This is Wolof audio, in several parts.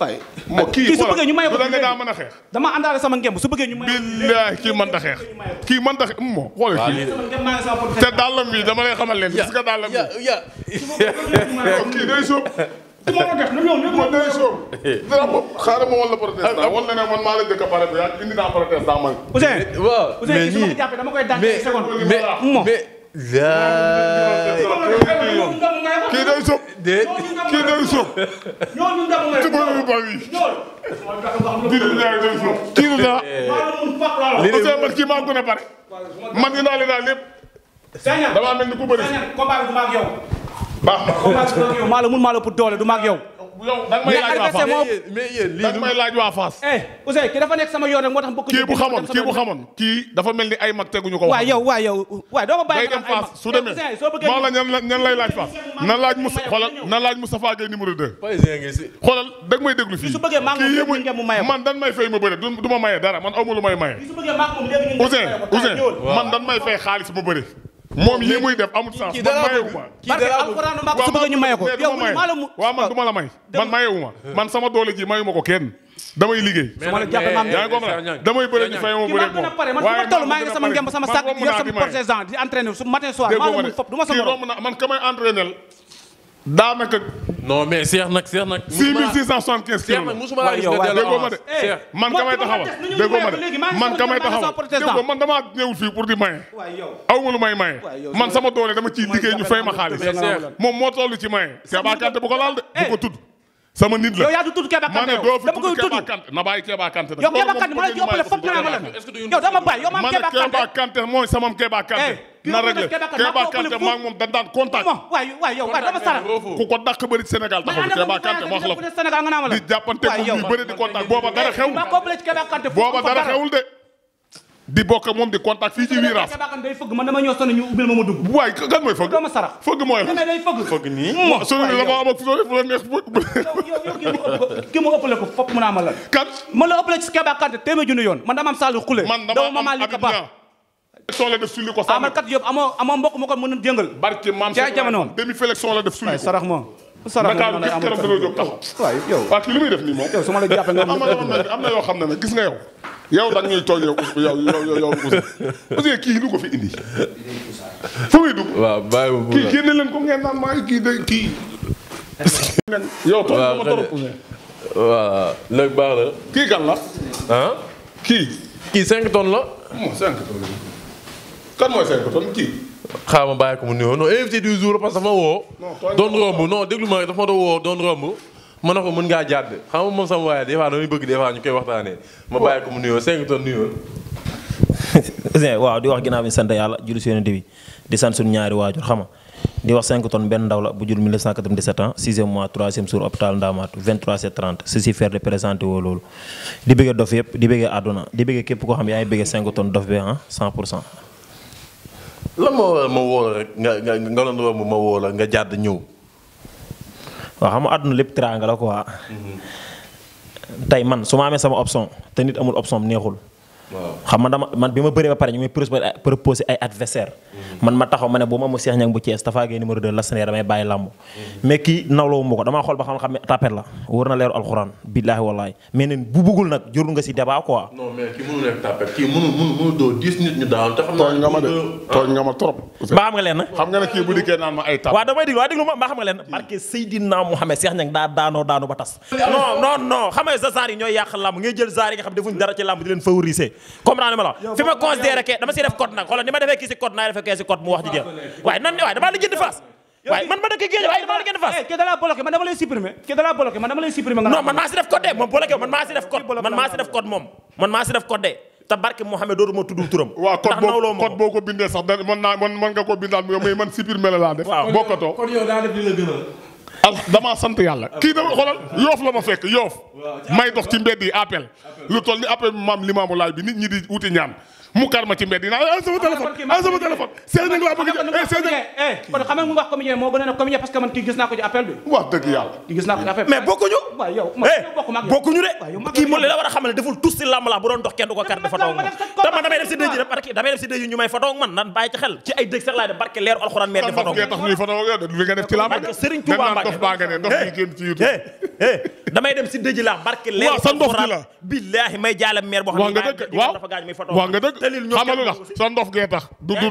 waay moo kii su bëggee ñu may ko da nga daa mën a xeex dama àndaale sama ngemb su bëggee ñu may billaay kii mën ta xeex kii mën ta xeex moo xoole kii te dàllam bi dama lay xamal leen gis nga dàllam bi kii day sóob du ma ko def na ñoom ñoom day sóob dara moom xaaral ma wala a dama koy dànk seconde mais la kii day sob déet kii day sob ñoonu ndamu may tubaab ba wi ñoon day sob kii du daa li de man kii maa gën a pare man ni naa leen daal lépp damaa mel ni ku bëri combat bi du maag yow baax combat bi du maag yow maa la mun maa la pour doole du maag yow yow waa Fass laaj waa Fass. Eh, Ousseyn kii dafa sama yoon rek moo tax bokk kii bu xamoon kii bu xamoon kii dafa mel ni ay mag teguñu ko. waaw yow waaw yow waaw doo ma bàyyi dem Fass eh, la ñan lay laaj Fass na laaj Moussa xoolal na laaj Moustapha Gueye numéro 2. xoolal da nga may déglu fii kii man dan may fay ma bëre du ma maye dara man aw ma lu may maye. Ousseyn Ousseyn man dan may fay xaalis ma bëre moom lii muy def amul sens man mayewu ma. kii ñu maye ko. yow maa la mu waaw man du ma la may man mayewu man sama doole ji mayu ko kenn damay liggéey. mais nag yaa ngi ko damay bëre ñu fay ma bëre moom. waaye man toll maa ngi sama ngemb sama sàkk yor sama protège di entraîner su matin soir maa la mu fop du ma sama man kamay entraîner daanaka non mais Cheikh nag Cheikh nag. 6675 kilos la musuma la gis nga déggoo ma de. man kamay taxawal déggoo ma man kamay taxawal déggoo man damaa ñëw fii pour di maye. aw ma lu may maye man sama doole dama ciy liggéey ñu fay ma xaalis moom moo toll ci maye. Keba Kanté bu ko laal de bu ko tudd. sama nit la yow yaa du tudd Keba Kanté yow dama koy tudd na bàyyi Keba Kanté yow Keba Kanté ma la ci ëppale foog naa ma la yow dama bàyyi yow maam Keba Kanté Keba Kanté mooy sama Keba eh, Kanté na rek Keba Kanté maa ngi moom dañ daan contact waay waay yow waay dama sara ku ko dàq bëri Sénégal taxaw Keba Kanté wax la ko di jàppante bu bëri di contact booba dara eh, xewul booba dara xewul de di bokk moom di contact fii ci Wiraas. day fëgg man dama ñëw sonn ñu ubbil ma ma dugg. waay kan mooy fëgg. dama ma am ak sonn fu la mu ëppale ko fop mu naa ma la yoon man dama am Saliou man dama def sulli ko sànni. amal kat yëpp ma ko mën a jëngal. barke maam ca jamono demi félection la def sulli ko sarax moom Ndakaaru képp këram dana jóg taxaw. waaw yow waa kii li muy def nii moom. su ma la jàppee nga am na yoo xam ne nag gis nga yow yow da ñuy tooñ yow yow yow yow kii lu ko fi indi. fu muy dugg. waaw bàyyi ma kii génne leen ko ngeen naan maa kii de kii. yow tooñ ma trop Ousseyn. waaw léegi kii kan la. ah. kii. kii 5 tonnes la. moom 5 tonnes kan du jour parce que dafa ma woo. doon romb non déglu ma dafa ma doon woo ma ne ko mën ngaa jàdd xam nga moom sama waaye des fois damay bëgg des fois koy waxtaanee. ma bàyyi ko mu nuyoo waaw di wax ginnaaw bi sant yàlla julli si yonent bi di sant suñu ñaari waajur xam nga di wax 5 tonnes benn ndaw la bu jur 1997 ans 6e mois 3e jour hôpital Ndamatou 23h30 su si faire de présenté woo loolu. di bëggee dof yëpp di bëggee àdduna di bëggee képp koo xam yaa ngi bëggee 5 tonnes dof bi ah 100 pour cent. nga nga nga doon woo ma woo la nga jàdd ñëw. waaw xam nga àdduna lépp teraanga ko quoi. Mm-hmm. tey man su ma amee sama option te nit amul option neexul. xam man dama ma bëree ba pare ñu may proposé ay adversaire mm-hmm. man ma taxaw ma ne bu ma mu Cheikh Niang bu la sene damay bàyyi làmb mm-hmm. mais kii nawloo ma ko damaa xool ba xam xam ne tapet la wër ah. mbaa xam nga leen na xam nga ne kii xam nga leen daa daanoo daanu ba tas non non non sa saar yi ñooy yàq làmb ngay jël saar yi nga xam defuñ dara ci làmb di leen favoriser comprendre man maa si def code de moom bloqué man man maa si def code moom man maa si def code de te barke Mouhamed dootuma tuddul turam. waaw boo ko bindee sax da naa mën nga ko bindaat mais man supprimer la laa def dama sant yàlla kii dama xoolal yoof la ma fekk yoof may dox ci mbedd yi appel lu toll ni appel maam limaamu laay bi nit ñi di wuti ñaan mu kar ma ci mbedd dinaa ah sama téléphone ah sama téléphone. seen laa bëgg a eh, seen eh, nag mais bokkuñu. waaw eh, bokkuñu de. kii moom la war a xamal deful tous làmb laa bu doon dox kenn ko kar di photo ak man te damay def si dëj rek ñu may photo man nan bàyyi ci xel ci ay dëj sax laay barke leeru alxuraan mais di photo ak man. tax ñuy photo ak yow de li nga def ci làmb de. Serigne Touba Mbacke dof baa nga ne dof yi génn ci YouTube damay dem si dëj laax barke leer waaw sa ndof gi la billaahi may jaala meer boo la sa ndof gee tax du du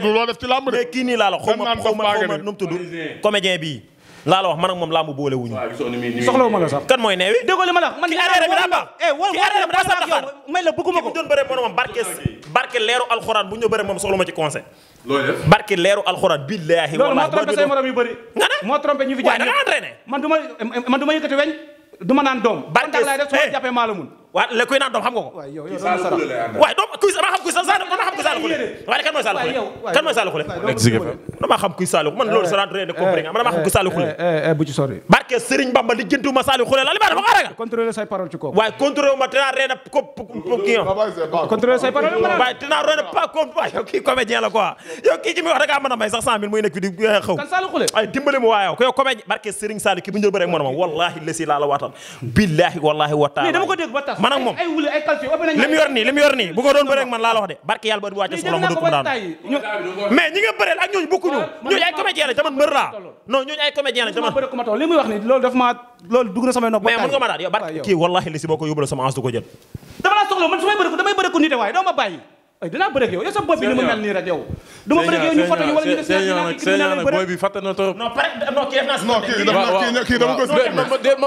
eh, barki leeru alxuraan billaahi wallaahi moo trompé ñu fi jaar waaye da nga man du yëkkati weñ du ma naan doom. barke Seye barke Seye laay def su ma la eh. mun. waa léegi naan doom xam nga ko. doom kuy xam kuy sa sa kan mooy Saliou Khoulé kan mooy Saliou Khoulé. dama xam kuy Saliou man loolu sa xam eh, kuy Saliou Khoulé. Eh, eh, barke Serigne Bamba li jëntuma Saliou Khoulé la li ma dama ko aragal. contrôler say parole ci kooku. waay contrôler ma dinaa rey na ko kii ah. contrôler say parole ma waay dinaa rey na pas comme waay yow kii comédien la quoi yow kii ci muy wax da ngaa mën a may sax cent mille muy nekk fi di xaw. kan ay dimbali ma waaye yow ko man moom li yor nii li yor nii bu doon bëre man laa la de barke yàlla ba di wàcce solo ma dugg daanu mais ñi nga bëreel ak ñooñu bokkuñu ay comédien lañ taman mbër laa non ñooñu ay comédien lañ taman barke kii wallahi li si boo ko yóbbul sama ans ay dinaa yow yow sa bopp bi ni mu mel nii rek yow. du ma bëreeg yow ñu foto ñu wala ñu def. booy bi na trop. non pare non kii def kii def kii dama ko. déedéet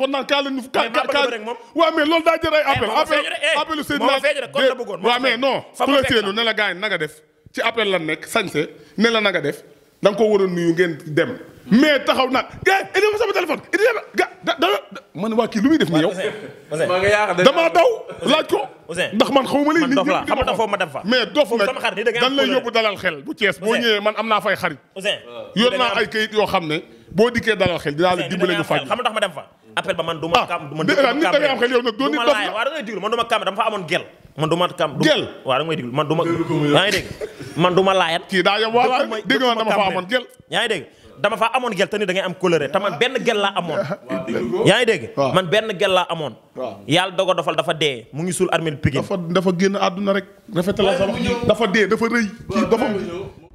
man kaa kaa kaa waaw mais loolu daa jël ay appel. Eh, appel eh. appelu seen naa waaw mais non. ku la seenu ne gaañ na def. ci appel lan nekk sañse ne la def da nga ko war a nuyu ngeen dem mais taxaw nag gars yi indi ma sama téléphone indi ma ga da man waa kii lu muy def nii yow. dama daw laaj ko. ndax man xaw ma lii nit ñi xam am yoo xam ne boo dikkee dalal xel dinaa la dimbale ñu faj. xam nga ah, am xel yow nag doo nit dof waaw ma kam dama fa amoon gel man du ma kam gel waaw da ngay déglu man dama fa amoon gel te ni da ngay am colère te man benn gel laa amoon. yaa ngi dégg. man benn gel laa amoon. yàlla dogo dofal dafa dee mu ngi suul armée Pikine. dafa génn àdduna rek. rafetal la dafa dee dafa rëy. dafa